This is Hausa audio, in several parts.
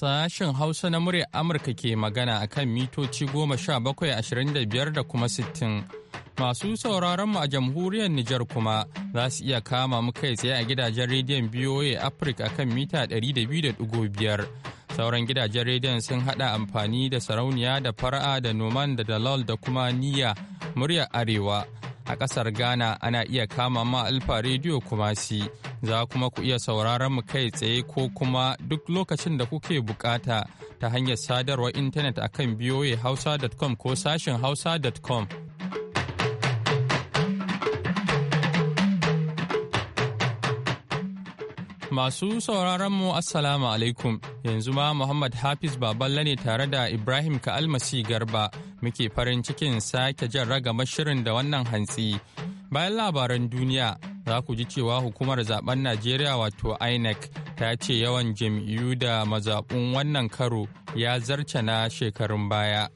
sashen Hausa na murya Amurka ke magana a kan mitoci goma sha bakwai ashirin da biyar da kuma sittin. Masu sauraron mu a jamhuriyar Nijar kuma za su iya kama mu kai tsaye a gidajen rediyon BOA Africa a kan mita ɗari da biyu biyar. Sauran gidajen rediyon sun haɗa amfani da sarauniya da fara'a da noman da dalal da kuma niyya murya arewa. a ƙasar Ghana ana iya kama ma Alfa Radio Kumasi. Za kuma ku iya sauraron mu kai tsaye ko kuma duk lokacin da kuke bukata ta hanyar sadarwar intanet akan hausa.com ko sashin hausa.com. Masu sauraron mu Assalamu alaikum yanzu ma Muhammad Hafiz Baballa ne tare da Ibrahim Ka'almasi Garba muke farin cikin sake jan ragama shirin da wannan hantsi. Bayan labaran duniya za ku ji cewa hukumar zaben Najeriya wato INEC ta ce yawan jam'iyyu da mazaɓun wannan karo ya zarce na shekarun baya.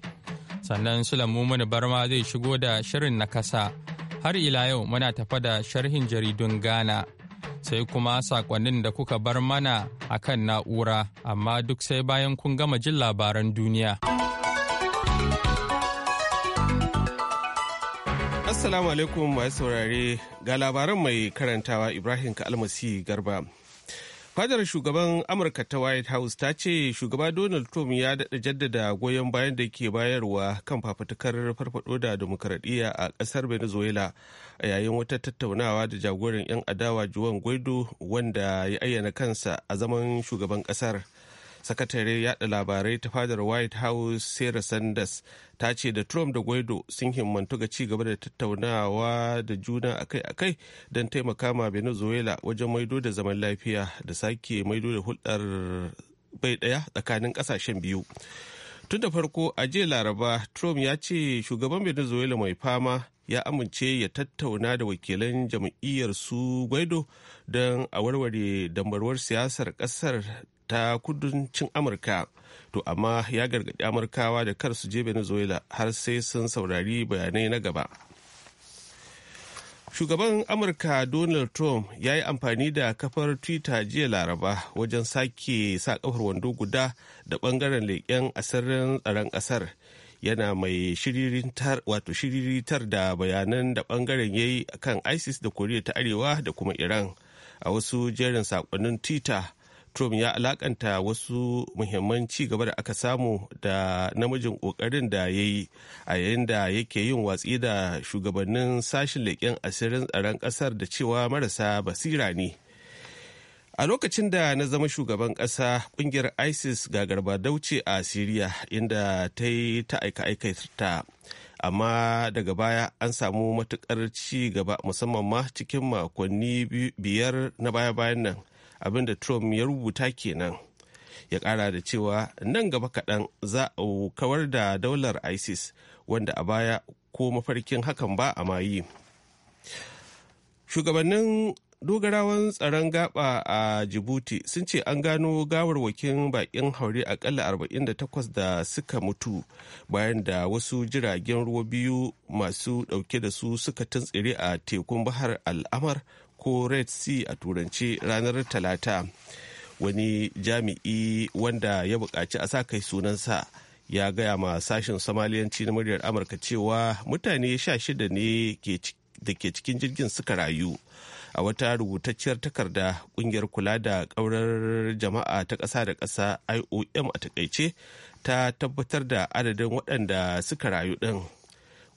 Sannan Sulaimu Barma zai shigo da shirin na kasa. Har ila yau muna tafa da sharhin jaridun Ghana. sai kuma sakonnin da kuka bar mana a kan na'ura amma duk sai bayan kun gama jin labaran duniya. Assalamu alaikum masu saurare ga labaran mai karantawa Ibrahim Kalmasi Garba. fadar shugaban amurka ta white house ta ce shugaba donald trump ya daɗa jaddada goyon bayan da ke bayarwa kan fafutukar farfado da demokradiyya a ƙasar venezuela a yayin wata tattaunawa da jagoran 'yan adawa juan guaido wanda ya ayyana kansa a zaman shugaban ƙasar sakatare yada labarai ta fadar white house sarah sanders ta ce da trump da guaido sun himmantu ga ci gaba da tattaunawa da juna akai-akai don taimaka ma venezuela wajen maido da zaman lafiya da sake maido da hulɗar bai ɗaya tsakanin ƙasashen biyu tun da farko a jiya laraba trump ya ce shugaban venezuela mai fama ya amince ya tattauna da wakilan jam'iyyar su guaido don a warware dambarwar siyasar kasar ta kudancin amurka to amma ya gargaɗi amurkawa da kar su je venezuela har sai sun saurari bayanai na gaba shugaban amurka donald trump ya yi amfani da kafar twitter jiya laraba wajen sake sa kafar wando guda da bangaren leƙen asirin tsaron ƙasar yana mai shiriritar da bayanan da bangaren ya yi kan isis da koriya ta arewa da kuma iran a wasu jerin sakonnin twitter Trump ya alakanta wasu muhimman ci gaba da aka samu da namijin kokarin da ya yi a yayin da yake yin watsi da shugabannin sashen leƙen asirin tsaron ƙasar da cewa marasa basira ne. A lokacin da na zama shugaban ƙasa ƙungiyar ISIS ga gagarba dauce a syria inda ta yi ta aika-aikata. amma daga baya an samu matukar ci gaba musamman ma cikin makonni biyar na baya-bayan nan abinda trump ya rubuta kenan ya kara da cewa nan gaba kaɗan za a kawar da daular isis wanda a baya ko mafarkin hakan ba a mayi shugabannin dogarawan tsaron gaba a Djibouti sun ce an gano gawarwakin bakin haure akalla 48 da suka mutu bayan da wasu jiragen ruwa biyu masu dauke da su suka tuntsire a tekun bahar al'amar ko red sea a turanci ranar talata wani jami'i wanda ya buƙaci a sa kai sunansa ya gaya ma sashen somaliyanci na muryar amurka cewa mutane 16 ne da ke cikin jirgin suka rayu a wata rubutacciyar takarda kungiyar kula da kaurar jama'a ta ƙasa da ƙasa iom a takaice ta tabbatar da adadin waɗanda suka rayu ɗin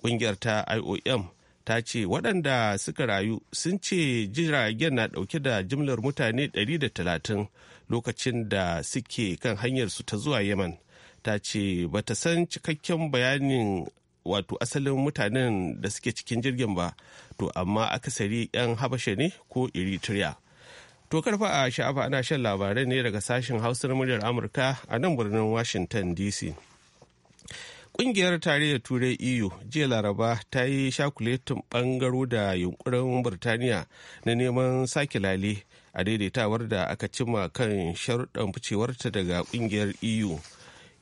kungiyar ta iom ta ce waɗanda suka rayu sun ce jiragen na ɗauke da jimlar mutane 130 lokacin da suke kan hanyarsu ta zuwa yaman ta ce ba ta san cikakken bayanin wato asalin mutanen da suke cikin jirgin ba to amma akasari 'yan habasha ne ko eritrea to karfa a sha'afa ana shan labarai ne daga sashen hausar muryar amurka a nan birnin washington dc Ƙungiyar tarayyar Turai EU jiya Laraba ta yi shakuletin ɓangaro da yunkurin birtaniya na neman sake lale a daidaitawar da aka cima kan sharuɗan ficewarta daga ƙungiyar EU.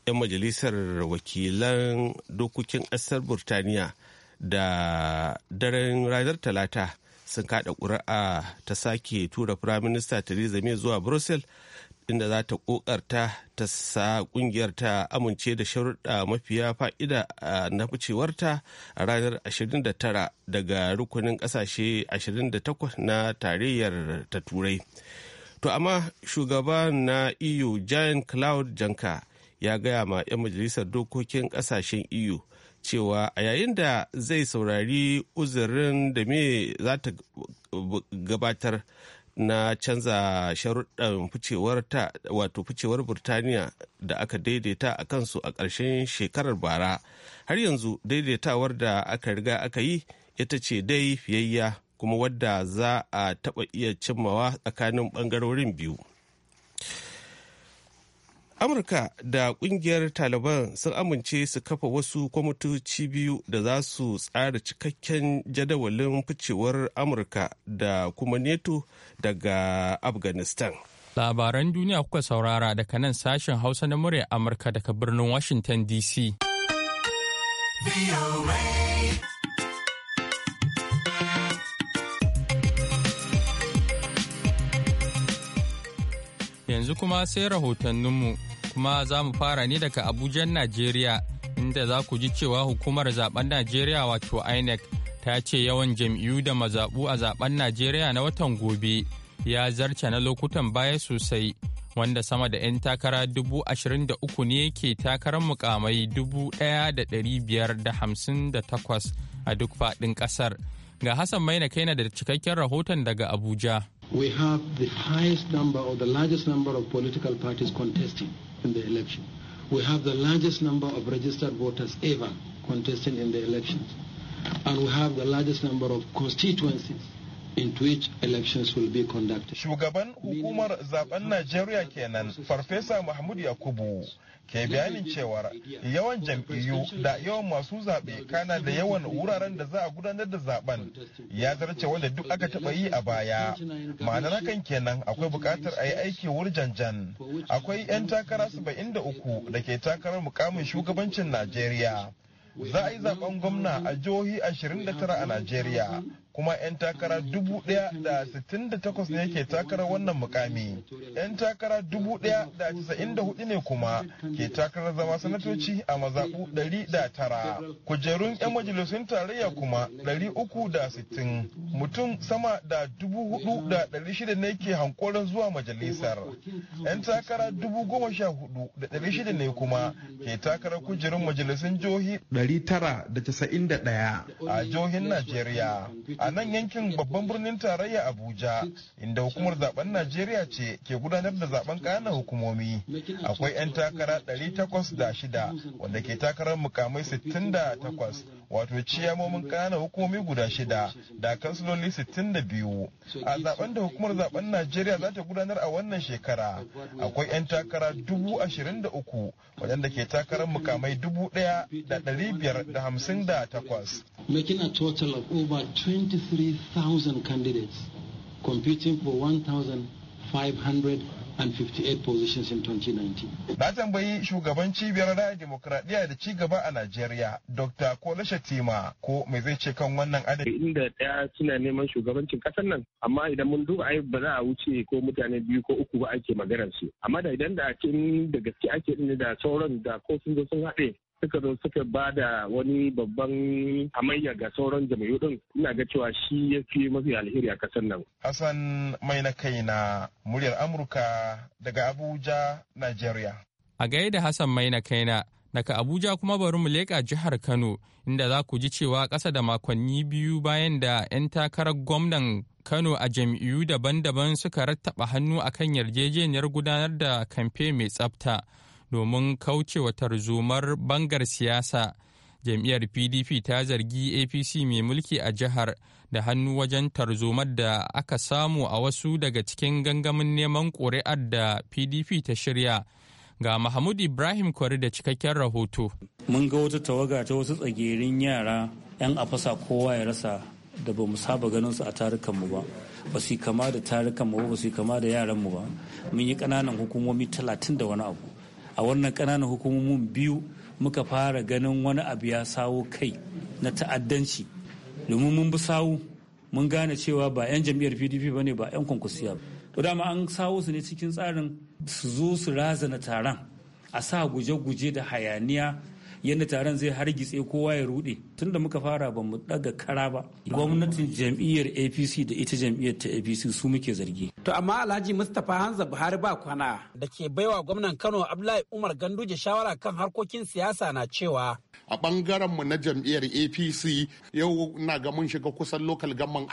'yan majalisar wakilan dokokin ƙasar burtaniya da daren ranar talata sun kada ƙuri'a ta sake tura firaminista theresa may zuwa brussels inda za ta kokarta ta sa kungiyar ta amince da sharuɗa mafiya fa'ida na ficewarta a ranar 29 daga rukunin ƙasashe 28 na tarayyar ta turai to amma shugaban na eu giant cloud janka ya gaya ma 'yan majalisar dokokin kasashen EU cewa a yayin da zai saurari uzurin da me za ta gabatar na canza sharuɗan ficewar ta wato ficewar burtaniya da aka daidaita a kansu a ƙarshen shekarar bara har yanzu daidaitawar da aka riga aka yi ita ce dai fiyayya kuma wadda za a taɓa iya cimmawa tsakanin ɓangarorin biyu amurka da kungiyar taliban sun amince su kafa wasu kwamitoci biyu da za su tsara cikakken jadawalin ficewar amurka da kuma neto daga afghanistan labaran duniya kuka saurara daga nan sashen hausa na murya amurka daga birnin washington dc yanzu kuma sai rahotanninmu kuma za mu fara ne daga Abuja najeriya inda za ku ji cewa hukumar zaben najeriya wato inec ta ce yawan jam'iyyu da mazaɓu a zaben najeriya na watan gobe ya zarce na lokutan baya sosai wanda sama da 'yan takara dubu ashirin da uku ne ke takarar mukamai dubu ɗaya da ɗari biyar da hamsin da takwas a duk faɗin ƙasar ga hassan maina kaina da cikakken rahoton daga abuja we have the highest number or the largest number of political parties contesting in the election. We have the largest number of registered voters ever contesting in the elections. And we have the largest number of constituencies into which elections will be conducted. Shugaban hukumar zaben Najeriya kenan Farfesa Mahmud Yakubu ke bayanin cewar yawan jam'iyyu da yawan masu zaɓe kana da yawan wuraren da za a gudanar da zaben ya zarce wanda duk aka taɓa yi a baya ma'anar hakan kenan akwai buƙatar a yi aiki wurjanjan akwai 'yan takara saba'in da uku da ke takarar mukamin shugabancin najeriya za a yi zaben gwamna a jihohi ashirin da tara a Najeriya kuma 'yan takara 1,068 ne ke takarar wannan mukami. 'Yan takara 1,094 ne kuma ke takarar zama sanatoci a mazaɓu 109. Kujerun 'yan majalisun tarayya kuma 360 mutum sama da 4,600 ne ke hankoron zuwa majalisar. 'Yan takara 14,600 ne kuma ke takarar kujerun majalisun jihohi 991 a jihohin Najeriya. a nan yankin babban birnin tarayya Abuja inda hukumar zaben Najeriya ce ke gudanar da zaben ƙananan hukumomi. Akwai 'yan takara 806 wanda ke takarar mukamai 68 wato ciyamomin ƙananan hukumomi guda shida da kansiloli 62 a zaben da hukumar zaben najeriya za ta gudanar a wannan shekara akwai 'yan takara 23,000 waɗanda ke takarar mukamai 1,558 making a total of over 23,000 candidates competing for 1,500 158 positions in 2019. Na tambayi shugaban cibiyar raya demokradiyya da ci gaba a Najeriya, Dr. Kola Shatima, ko me zai ce kan wannan adadi. Inda ɗaya suna neman shugabancin ƙasar nan, amma idan mun duba ai ba za a wuce ko mutane biyu ko uku ba ake maganar su. Amma da idan da kin da gaske ake da sauran da ko sun zo sun haɗe suka zo suka ba da wani babban hamayya ga sauran jam'iyyu din ina ga cewa shi ya fi mafi alheri a kasar nan. Hassan mai na kai na muryar Amurka daga Abuja, Nigeria. A gaida Hassan mai na kai na daga Abuja kuma bari mu leƙa jihar Kano inda za ku ji cewa ƙasa da makonni biyu bayan da 'yan takarar gwamnan Kano a jam'iyyu daban-daban suka rattaba hannu akan yarjejeniyar gudanar da kamfe mai tsafta. domin kaucewa tarzomar bangar siyasa jam'iyyar pdp ta zargi apc mai mulki a jihar da hannu wajen tarzomar da aka samu a wasu daga cikin gangamin neman ƙuri'ar da pdp ta shirya ga mahmud ibrahim kwari da cikakken rahoto mun ga wata tawaga ta wasu tsagerin yara 'yan afasa kowa ya rasa da ba mu saba ganin su a tarukanmu ba ba su kama da tarukanmu ba ba su kama da yaranmu ba mun yi ƙananan hukumomi talatin da wani abu a wannan ƙananan hukumomin biyu muka fara ganin wani abu ya sawo kai na ta'addanci domin mun bi sawu mun gane cewa ba 'yan jam'iyyar pdp ba ne ba 'yan kwankwasiya ba to dama an sawo su ne cikin tsarin su zo su razana taron a sa guje-guje da hayaniya yadda taron zai hargitse kowa ya rude tun da muka fara ba mu daga kara ba gwamnatin jam'iyyar apc da ita jam'iyyar ta apc su muke zargi to amma alhaji mustapha hanza buhari ba kwana da ke baiwa gwamnan kano abdullahi umar ganduje shawara kan harkokin siyasa na cewa a bangaren mu na jam'iyyar apc yau na ga mun shiga kusan lokal gamman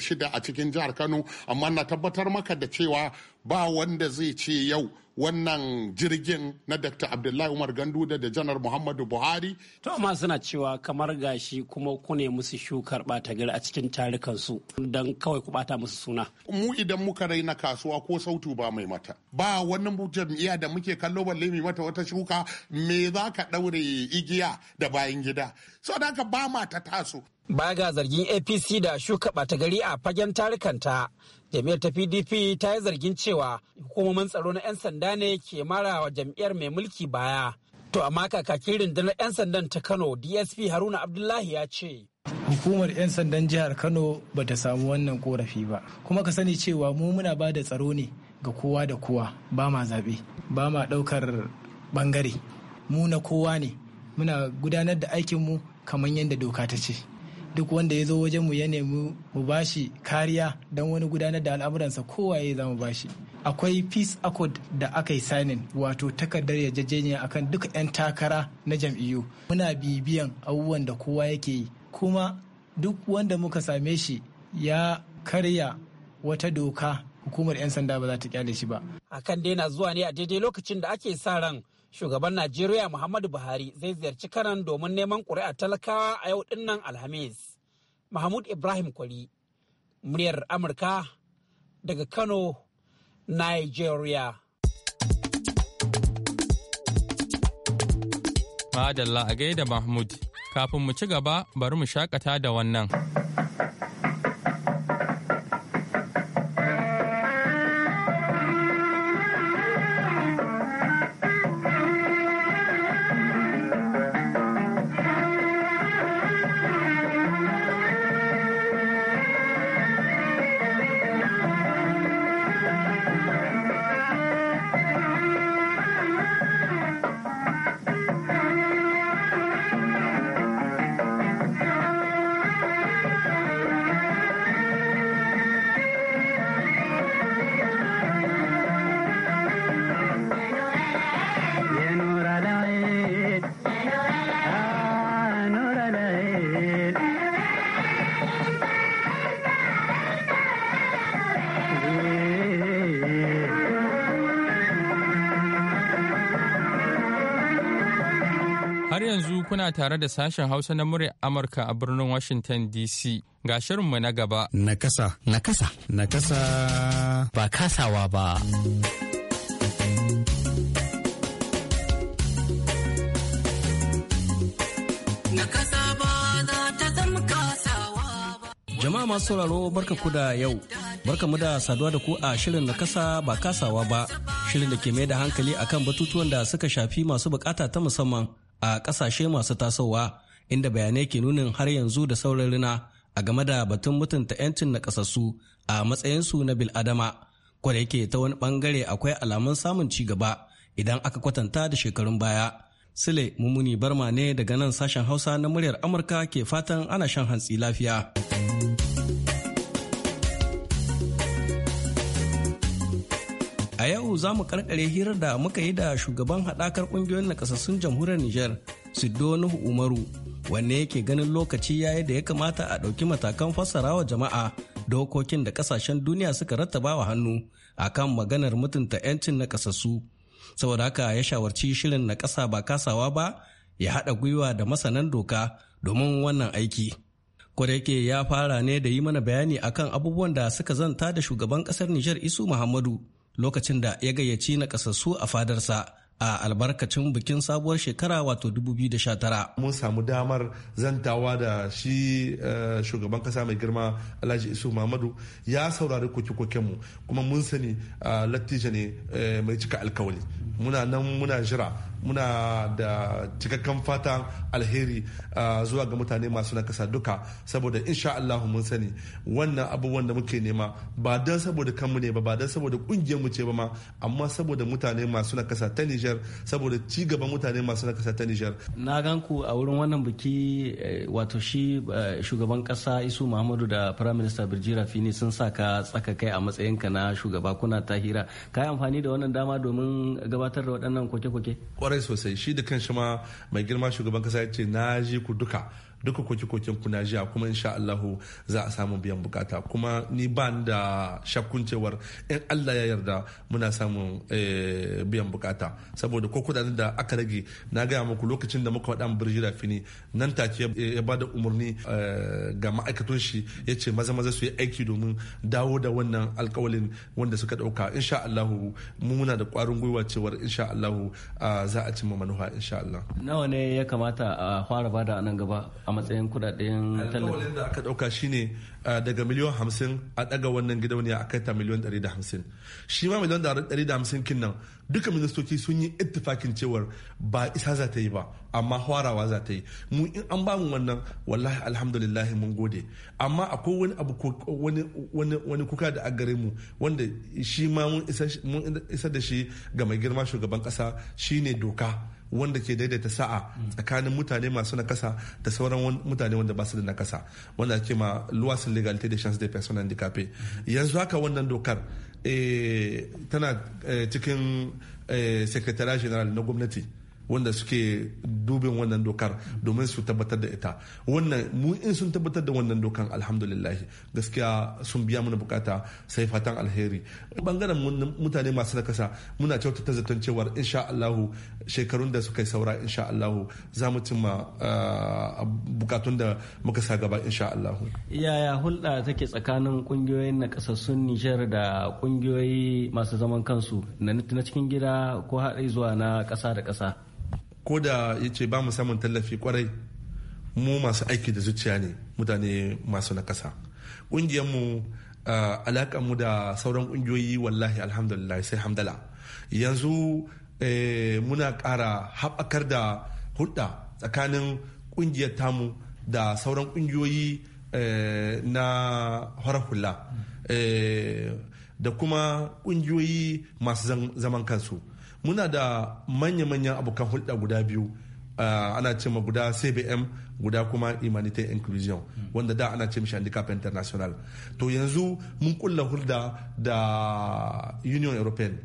shida a cikin jihar kano amma na tabbatar maka da cewa ba wanda zai ce yau wannan jirgin na dr abdullahi umar Gandu da janar muhammadu buhari to amma suna cewa kamar gashi kuma ku ne musu shukar bata gari a cikin tarikansu su don kawai ku bata musu suna. Mu idan muka raina kasuwa ko sautu ba mai mata. Ba wannan jam'iyya da muke kallo balle mai mata wata shuka me za ka ɗaure igiya da bayan gida. Saboda ka ba mata taso. Baya ga zargin APC da shuka bata gari a fagen tarikanta jami'ar ta PDP ta yi zargin cewa hukumomin tsaro na 'yan sanda ne ke mara wa jam'iyyar mai mulki baya. To amma kakakin rundunar 'yan sandan ta Kano DSP Haruna Abdullahi ya ce. Hukumar 'yan sandan jihar Kano ba ta samu wannan korafi ba. Kuma ka sani cewa mu muna ba da tsaro ne ga kowa da kowa ba ma zaɓe ba ma ɗaukar ɓangare. Mu na kowa ne muna gudanar da aikinmu kamar yadda doka ta ce. duk wanda ya zo wajen mu ya nemi mu bashi kariya don wani gudanar da al'amuransa kowaye za mu bashi akwai peace accord da aka yi signing wato takardar yarjejeniya akan duka 'yan takara na jam'iyyu muna bibiyan abubuwan da kowa yake yi kuma duk wanda muka same shi ya karya wata doka hukumar 'yan sanda ba za ta kyale shi ba akan na zuwa ne a daidai lokacin da ake sa ran shugaban Najeriya Muhammadu Buhari zai ziyarci Kanan domin neman ƙuri'a talakawa a yau dinnan Alhamis. Mahmud Ibrahim Kwari, muryar Amurka daga Kano, Nigeria. Madalla a gaida Mahmud, kafin mu ci gaba bari mu shakata da wannan. Har yanzu kuna tare da sashen Hausa na murya Amurka a birnin Washington DC. Ga shirinmu na gaba. Nakasa. Nakasa. Nakasa. Ba kasawa ba. Jama'a masu sauraro barka ku da yau. Barka mu da saduwa da ku a shirin na kasa ba kasawa ba. Shirin da ke mai da hankali akan batutuwan da suka shafi masu bukata ta musamman. a ƙasashe masu tasowa inda bayanai ke nunin har yanzu da sauran rina a game da batun mutunta 'yancin na ƙasassu a matsayinsu na bil'adama kwada yake ta wani bangare akwai alamun samun ci gaba idan aka kwatanta da shekarun baya sule mummuni barma ne daga nan sashen hausa na muryar amurka ke fatan ana shan hantsi lafiya. A yau za mu karkare hirar da muka yi da shugaban haɗakar ƙungiyoyin nakasassun jamhuriyar Nijar, sido Nuhu Umaru, wanne yake ganin lokaci ya yi da ya kamata a ɗauki matakan fassarawa jama'a dokokin da ƙasashen duniya suka rattaba wa hannu akan maganar mutunta 'yancin nakasassu. Saboda haka ya shawarci shirin na ƙasa ba kasawa ba ya haɗa gwiwa da masanan doka domin wannan aiki. Kwareke ya fara ne da yi mana bayani akan abubuwan da suka zanta da shugaban ƙasar Nijar Isu Muhammadu. lokacin da ya gayyaci na kasassu a fadarsa a albarkacin bikin sabuwar shekara wato 2019. Mun samu damar zantawa da shi eh, shugaban kasa mai girma Alhaji Isu Muhammadu ya saurari koke mu kuma mun sani eh, lattija ne eh, mai cika alkawali. Muna nan muna jira muna da cikakken fatan alheri zuwa ga mutane masu nakasa duka saboda insha Allah mun sani wannan abubuwan da muke nema ba don saboda kanmu ne ba ba don saboda kungiyar mu ce ba ma amma saboda mutane masu nakasa ta Nijar saboda ci gaban mutane masu nakasa ta Nijar na gan ku a wurin wannan biki eh, wato shi eh, shugaban kasa Isu Muhammadu da Prime Minister Birjira Fini sun sa ka tsaka kai a matsayin ka na shugaba kuna ta hira ka yi amfani da wannan dama domin gabatar da waɗannan koke-koke kwarai sosai shi da kan shi ma mai girma shugaban kasa ya ce na ji ku duka duka koke-koken kuna jiya kuma insha Allahu za a samu biyan bukata kuma ni ba da shakkun cewar in Allah ya yarda muna samun eh, biyan bukata saboda ko kudaden da aka rage na gaya muku lokacin da muka birji birjira fini nan take ya ba da umarni eh, ga ma'aikatun shi ya ce maza maza su yi aiki domin dawo da wannan alkawalin wanda suka ɗauka insha Allahu muna da ƙwarin gwiwa cewar insha Allahu ah, za a cimma manufa insha Allah nawa ne ya kamata a fara bada a nan gaba a matsayin kudaden tallafin da aka dauka shine daga miliyan hamsin a daga wannan gidauniya a kai ta miliyan ɗari da hamsin shi ma miliyan ɗari da hamsin kin nan duka ministoci sun yi ittifakin cewar ba isa za ta yi ba amma hwarawa za ta yi mu in an ba mu wannan wallahi alhamdulillah mun gode amma akwai wani abu wani wani kuka da agare mu wanda shi ma mun isa da shi ga mai girma shugaban kasa shine doka wanda ke daidaita sa'a tsakanin mutane masu na kasa da sauran mutane wanda ba su da na kasa wanda ake ma luwasin legalite da chance de personnes dikafe yanzu haka wannan dokar Eh, tana eh, cikin eh, secretary general na gwamnati wanda suke dubin wannan dokar domin su tabbatar da ita wannan mu in sun tabbatar da wannan dokan alhamdulillah gaskiya sun biya mana bukata sai fatan alheri bangaren mutane masu nakasa muna kyautata zaton cewa insha Allahu shekarun da suka saura insha Allahu za mu cimma ah, bukatun da muka sa gaba insha Allahu yaya hulɗa take tsakanin kungiyoyin nakasassun Nijar da kungiyoyi masu zaman kansu na cikin gida ko haɗe zuwa na ƙasa da ƙasa ko da ya ce ba mu samun tallafi kwarai mu masu aiki da zuciya ne mutane masu nakasa ƙungiyarmu mu da sauran ƙungiyoyi wallahi alhamdulillah sai hamdala yanzu e, muna ƙara haɓakar da hulɗa tsakanin ƙungiyar tamu da sauran ƙungiyoyi e, na horar hula e, da kuma ƙungiyoyi masu zaman kansu. muna da manya-manyan abokan hulɗa guda biyu Uh, ana ce guda cbm guda kuma humanité inclusion mm. wanda da ana ce mishi handicap international to yanzu mun kulla hulɗa da union european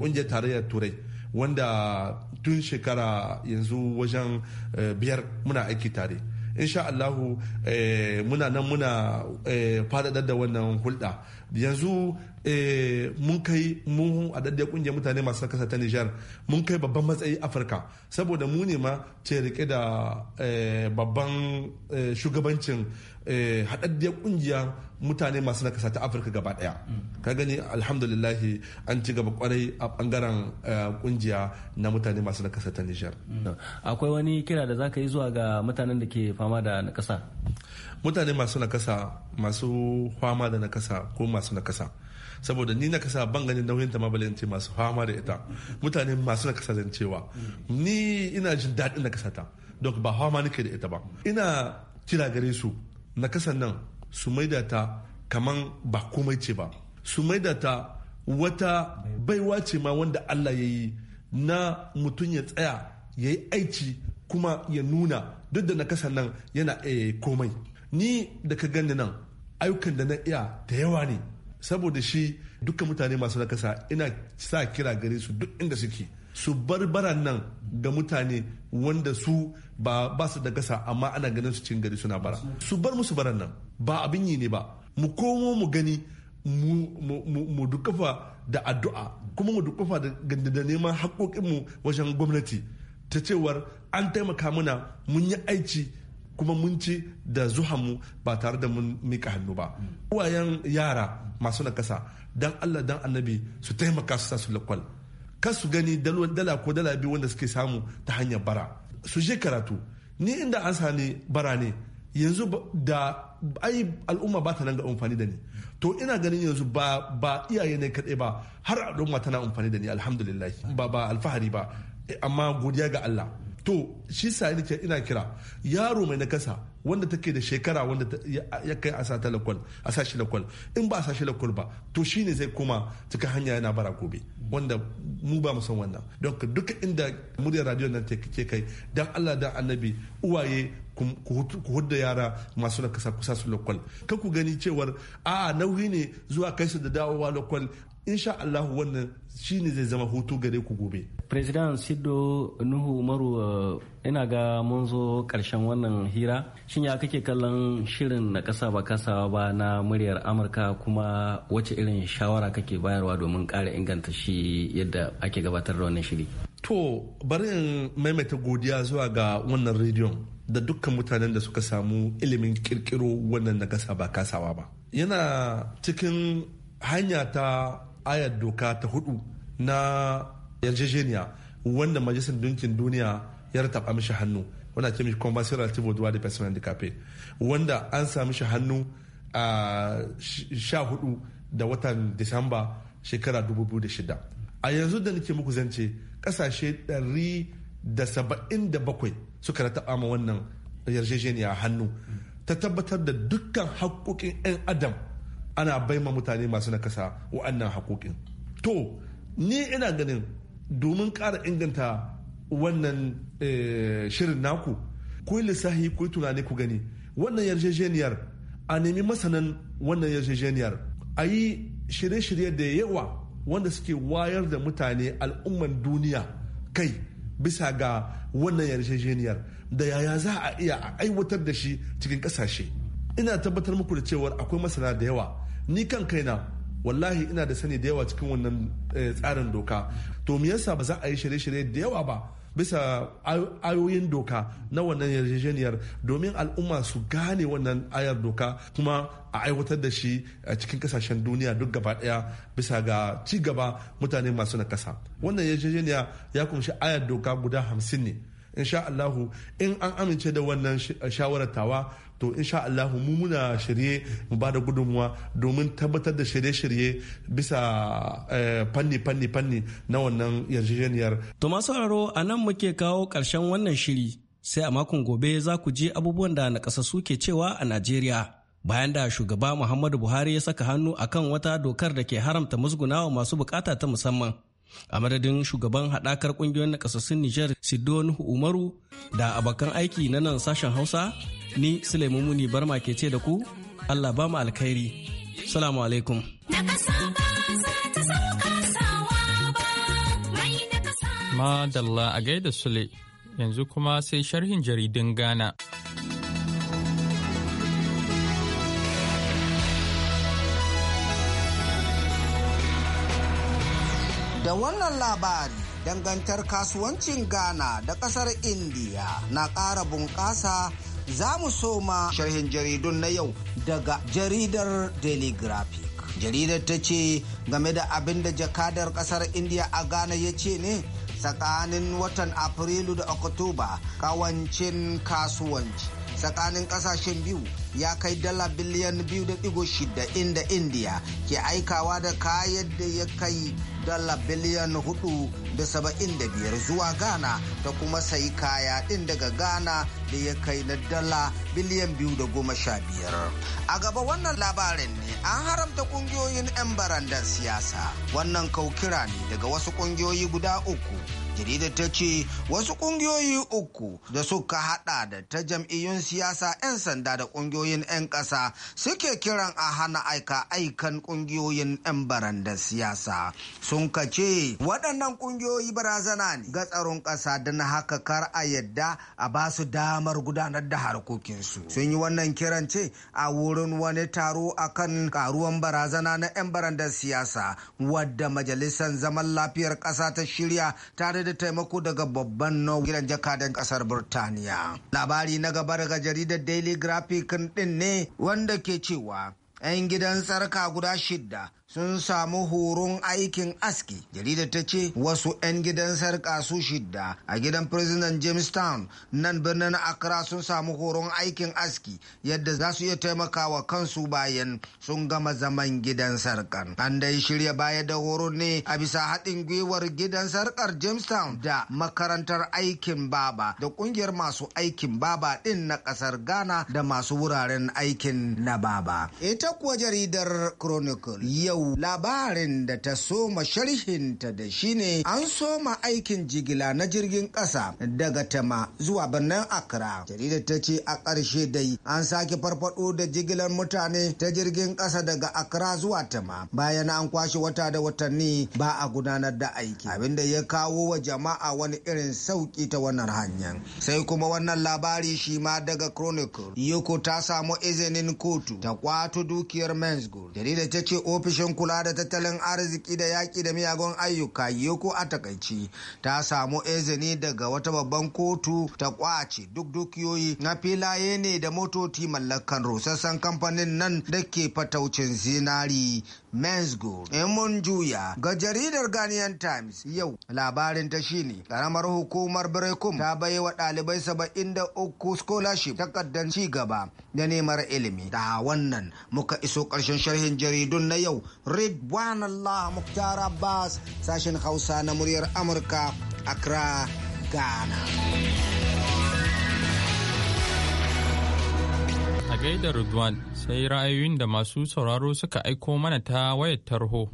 kungiyar mm. tarayyar turai wanda tun shekara yanzu wajen eh, biyar muna aiki tare insha Allahu eh, muna nan muna eh, faɗaɗar da wannan hulɗa yanzu eh, mun kai mun a daɗe kungiyar mutane masu kasa ta Nijar mun kai babban matsayi Afirka saboda mu ne ma ce rike da babban shugabancin Eh, haɗaɗɗiyar ƙungiyar mutane masu nakasa ta afirka gaba ɗaya mm. ka gani alhamdulillah an ci gaba kwarai a ɓangaren eh, ƙungiya na mutane masu nakasa ta nijar mm. akwai wani kira da zaka ka yi zuwa ga mutanen da ke fama da nakasa mutane masu nakasa masu fama da nakasa ko masu nakasa saboda ni na kasa ban ganin nauyin ta ce masu fama da ita mutane masu na kasa cewa mm. ni ina jin daɗin na kasa ta don ba fama nake da ita ba ina kira gare su kasan nan su maida ta kaman ba komai ce ba su maida ta wata baiwa ce ma wanda Allah ya yi na mutum ya tsaya ya yi aiki kuma ya nuna duk da nakasan nan yana eh, komai ni da ka gani nan ayyukan da na iya da yawa ne saboda shi dukkan mutane masu nakasa ina sa kira gare su duk inda suke su bar nan ga mutane wanda su ba ba su da gasa amma ana ganin su cin gari suna bara su bar musu baran nan ba abin yi ne ba mu komo mu gani mu dukafa da addu'a kuma mu dukafa da neman haƙoƙinmu wajen gwamnati ta cewar an taimaka mana mun yi aiki kuma mun ci da zuhanmu ba tare da mun mika hannu ba uwayen yara masu nakasa don allah don annabi su taimaka su sa su lakwal kar su gani dala ko dala biyu wanda suke samu ta hanyar bara su je karatu ni inda an sani bara ne yanzu da ai al'umma ba ta nan ga amfani da ni to ina ganin yanzu ba ba iyaye ne kadai ba har al'umma tana amfani da ni alhamdulillah ba ba alfahari ba eh, amma godiya ga Allah to shi sa ina kira yaro mai nakasa wanda take da shekara wanda ya kai a sata lakwal a sashi lakwal in ba a sashi lakwal ba to shine zai koma cikin hanya yana bara gobe wanda mu ba mu san wannan don duka inda muryar radio nan ke kai don Allah da annabi uwaye ku hudda yara masu nakasa kusa su lokwal kan ku gani cewar a nauyi ne zuwa kai su da dawowa lokwal insha Allah wannan shi ne zai zama hutu gare ku gobe president sido nuhu maru eh, ina ga mun zo karshen wannan hira shin ya kake kallon shirin na kasa ba kasa ba na muryar amurka kuma wace irin shawara kake bayarwa domin kara inganta shi yadda ake gabatar da wannan shiri to bari in maimaita godiya zuwa ga wannan rediyon da dukkan mutanen da suka samu ilimin kirkiro wannan na kasa ba kasawa ba yana cikin hanya ta ayar doka ta hudu na yarjejeniya wanda majalisar dunkin duniya ya rataba mishi hannu wanda ke mishi convention relative duwa the person handicapé wanda an sami shi hannu a sha hudu da watan disamba shekara 2006 a yanzu da nake muku zance kasashe 177 suka taɓa ma wannan yarjejeniya hannu ta tabbatar da dukkan haƙoƙin 'yan adam ana bai baima mutane masu nakasa wa'annan haƙoƙin to ni ina ganin domin ƙara inganta wannan eh, shirin naku ku lissahi ku tunani ku gani wannan yarjejeniyar a nemi masanan wannan yarjejeniyar a yi shirye-shirye da yawa wanda suke wayar da mutane al'umman duniya kai bisa ga wannan yarjejeniyar da yaya za a iya a aiwatar da shi cikin kasashe ina tabbatar muku da cewar akwai masana da yawa ni kan kaina wallahi ina da sani da yawa cikin wannan eh, tsarin doka to me yasa ba za a yi shirye-shirye da yawa ba bisa ayoyin doka na wannan yarjejeniyar domin al'umma su gane wannan ayar doka kuma a aiwatar da shi a cikin kasashen duniya duk gaba daya bisa ga ci gaba mutane masu na nakasa wannan yarjejeniya ya kunshi ayar doka guda hamsin ne insha Allahu in an amince da wannan shawarar tawa to insha Allah mu muna shirye mu ba da gudunmuwa domin tabbatar da shirye-shirye bisa fanni-fanni-fanni eh, na wannan yarjejeniyar. To masu raro a nan muke kawo ƙarshen wannan shiri sai a makon gobe za ku je abubuwan da nakasassu ke cewa a Najeriya. Bayan da shugaba Muhammadu Buhari ya saka hannu akan wata dokar da ke haramta musgunawa masu bukata ta musamman. a madadin shugaban haɗakar ƙungiyoyin nakasassun Nijar Sidon Umaru da abokan aiki na nan sashen Hausa ni Sulaimu Muni Barma ke ce da ku Allah ba mu alkhairi. Salamu alaikum. Madalla a gaida Sule yanzu kuma sai sharhin jaridun Gana. Da wannan labari dangantar kasuwancin Ghana da kasar Indiya na ƙara bunƙasa za mu soma sharhin jaridun na yau daga jaridar Daily Graphic. Jaridar ta ce game da abin da jakadar kasar India a Ghana ya ce ne tsakanin watan Afrilu da Oktoba kawancin kasuwanci. tsakanin kasashen biyu ya kai dala biliyan biyu da digo shida inda indiya ke aikawa da kayan da ya kai dala biliyan hudu da saba'in da biyar zuwa ghana ta kuma sayi kaya din daga ghana da ya kai na dala biliyan biyu da goma sha biyar a gaba wannan labarin ne an haramta kungiyoyin 'yan barandar siyasa wannan kaukira ne daga wasu kungiyoyi guda uku jaridar ta ce wasu kungiyoyi uku da suka hada da ta jam'iyyun siyasa 'yan sanda da kungiyoyin 'yan ƙasa suke kiran a hana aika aikan kungiyoyin 'yan baranda siyasa sun kace waɗannan kungiyoyi barazana ne ga tsaron ƙasa don haka kar a yadda a ba su damar gudanar da harkokinsu sun yi wannan kiran ce a wurin wani taro akan karuwan barazana na 'yan barandar siyasa wadda majalisar zaman lafiyar ƙasa ta shirya tare da da taimako daga babban no gidan jakadan kasar Burtaniya. Labari na gaba daga jaridar Daily Graphic din ne wanda ke cewa 'yan gidan tsarka guda shidda sun samu horon aikin aski jaridar ta ce wasu 'yan gidan sarka su shidda a gidan james town, nan birnin accra sun samu horon aikin aski yadda za su iya taimakawa kansu bayan sun gama zaman gidan sarkar an dai shirya baya da horo ne a bisa haɗin gwiwar gidan sarkar james town da makarantar aikin baba da ƙungiyar masu aikin baba ɗin na ƙasar ghana da masu wuraren aikin na baba ita kuwa jaridar chronicle yau yau labarin da ta soma sharhinta da shine an soma aikin jigila na jirgin ƙasa daga Tama zuwa birnin Accra. Jaridar ta ce a ƙarshe dai an sake farfado da jigilar mutane ta jirgin ƙasa daga Accra zuwa Tama bayan an kwashe wata da watanni ba a gudanar da aiki abinda ya kawo wa jama'a wani irin sauki ta wannan hanyar. Sai kuma wannan labari shi ma daga Chronicle. Yoko ta samu izinin kotu ta kwato dukiyar Mensgold. Jaridar ta ce ofishin wajen kula da tattalin arziki da yaƙi da miyagun ayyuka yoko a takaici ta samu izini daga wata babban kotu ta kwace duk dukiyoyi na filaye ne da motoci mallakan rusassan kamfanin nan da ke fataucin zinari men's gold juya ga jaridar ghanaian times yau labarin ta shine karamar hukumar brekum ta bai wa ɗalibai saba'in da uku scholarship takardar ci gaba da neman ilimi da wannan muka iso ƙarshen sharhin jaridun na yau one allah muktar abbas sashen hausa na muryar amurka accra ghana gaida Rudwan sai ra'ayoyin da masu sauraro suka aiko mana ta wayar tarho.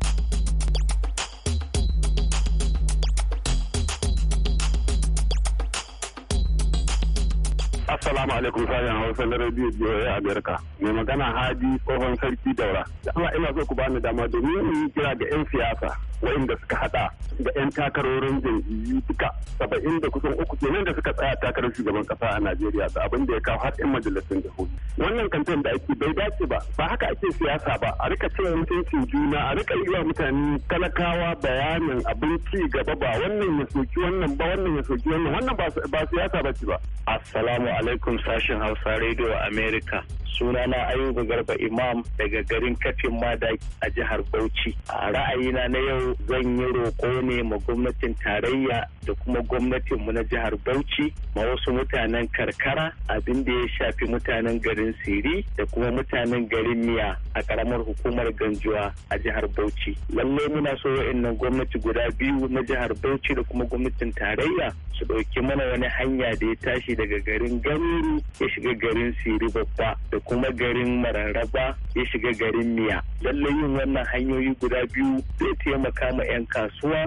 Assalamu alaikum sayan Hausa na Radio a Amerika. Mai magana Hadi Tsohon Sarki Daura. Da Allah ina so ku bani dama domin yi kira ga 'yan siyasa. waɗanda suka hada da 'yan takarorin jam'iyyu duka saba'in da kusan uku kenan da suka tsaya takarar shugaban kasa a najeriya da abin da ya kawo har 'yan majalisun hudu wannan kantin da ake bai dace ba ba haka ake siyasa ba a rika cin mutuncin juna a rika yi wa mutane talakawa bayanin abin ci gaba ba wannan ya soki wannan ba wannan ya soki wannan wannan ba siyasa ba ce ba assalamu alaikum sashen hausa radio america sunana ayuba garba imam daga garin kafin madaki a jihar bauchi a ra'ayina na yau zan yi roko ne ma gwamnatin tarayya da kuma gwamnatinmu na jihar bauchi ma wasu mutanen karkara abin da ya shafi mutanen garin siri da kuma mutanen garin miya a karamar hukumar ganjuwa a jihar bauchi lallai muna so wa'annan gwamnati guda biyu na jihar bauchi da kuma gwamnatin tarayya su ɗauki mana wani hanya da ya tashi daga garin ganuru ya shiga garin siri babba kuma garin mararraba ya shiga garin miya lallai yin wannan hanyoyi guda biyu zai taimaka ma 'yan kasuwa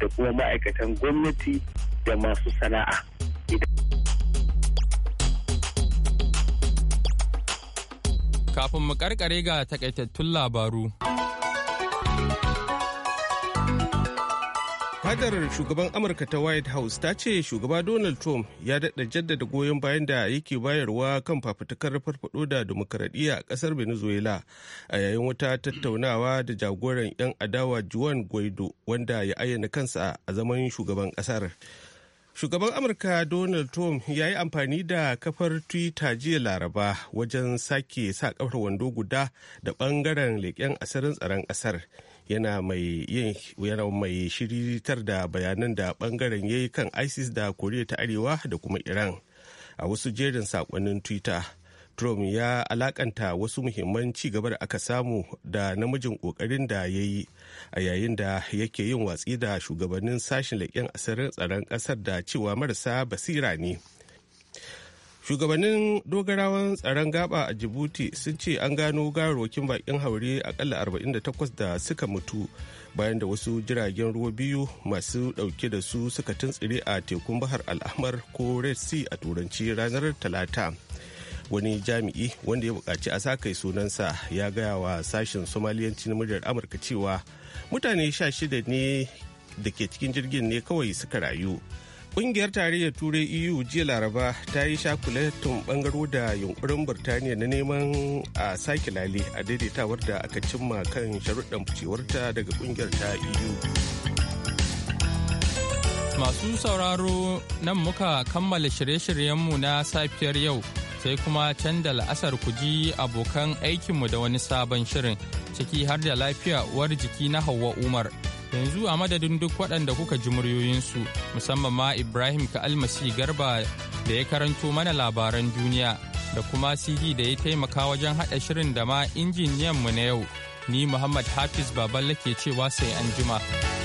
da kuma ma'aikatan gwamnati da masu sana'a kafin mu karkare ga takaitattun labaru fadar shugaban amurka ta white house ta ce shugaba donald trump ya daɗe jaddada goyon bayan da yake bayarwa kan fafutukar farfado da demokaradiyya a ƙasar venezuela a yayin wata tattaunawa da jagoran 'yan adawa juan guaido wanda ya ayyana kansa a zaman shugaban ƙasar shugaban amurka donald trump ya yi amfani da kafar twitter jiya laraba wajen sake sa kafar wando guda da bangaren leƙen asirin tsaron ƙasar yana mai yin yana mai shiritar da bayanan da bangaren yayi kan isis da koriya ta arewa da kuma iran a wasu jerin sakonnin twitter trump ya alakanta wasu muhimman ci gaba da aka samu da namijin kokarin da ya yi a yayin da yake yin watsi da shugabannin sashen leƙen asirin tsaron ƙasar da cewa marasa basira ne shugabannin dogarawan tsaron gaba a jibuti sun ce an gano gawarwakin bakin haure akalla 48 da suka mutu bayan da wasu jiragen ruwa biyu masu dauke da su suka tuntsire a tekun bahar al'amar ko red sea a turanci ranar talata wani jami'i wanda ya bukaci a sa kai sunansa ya gaya wa sashen somaliyanci na muryar amurka cewa mutane 16 ne da ke cikin jirgin ne kawai suka rayu Kungiyar tarayyar Turai EU jiya Laraba ta yi shakulatun bangaro da yunkurin Burtaniya na neman a sake lale a daidaitawar da aka cimma kan sharuɗan ficewarta daga kungiyar ta EU. Masu sauraro nan muka kammala shirye-shiryenmu na safiyar yau sai kuma can da la'asar ku abokan aikinmu da wani sabon shirin ciki har da lafiya uwar jiki na Hauwa Umar. yanzu a madadin duk waɗanda kuka ji muryoyinsu musamman ma ibrahim ka almasi garba da ya karanto mana labaran duniya da kuma cd da ya taimaka wajen haɗa shirin da ma injiniyanmu na yau ni muhammad hafiz baballe ke cewa sai an jima.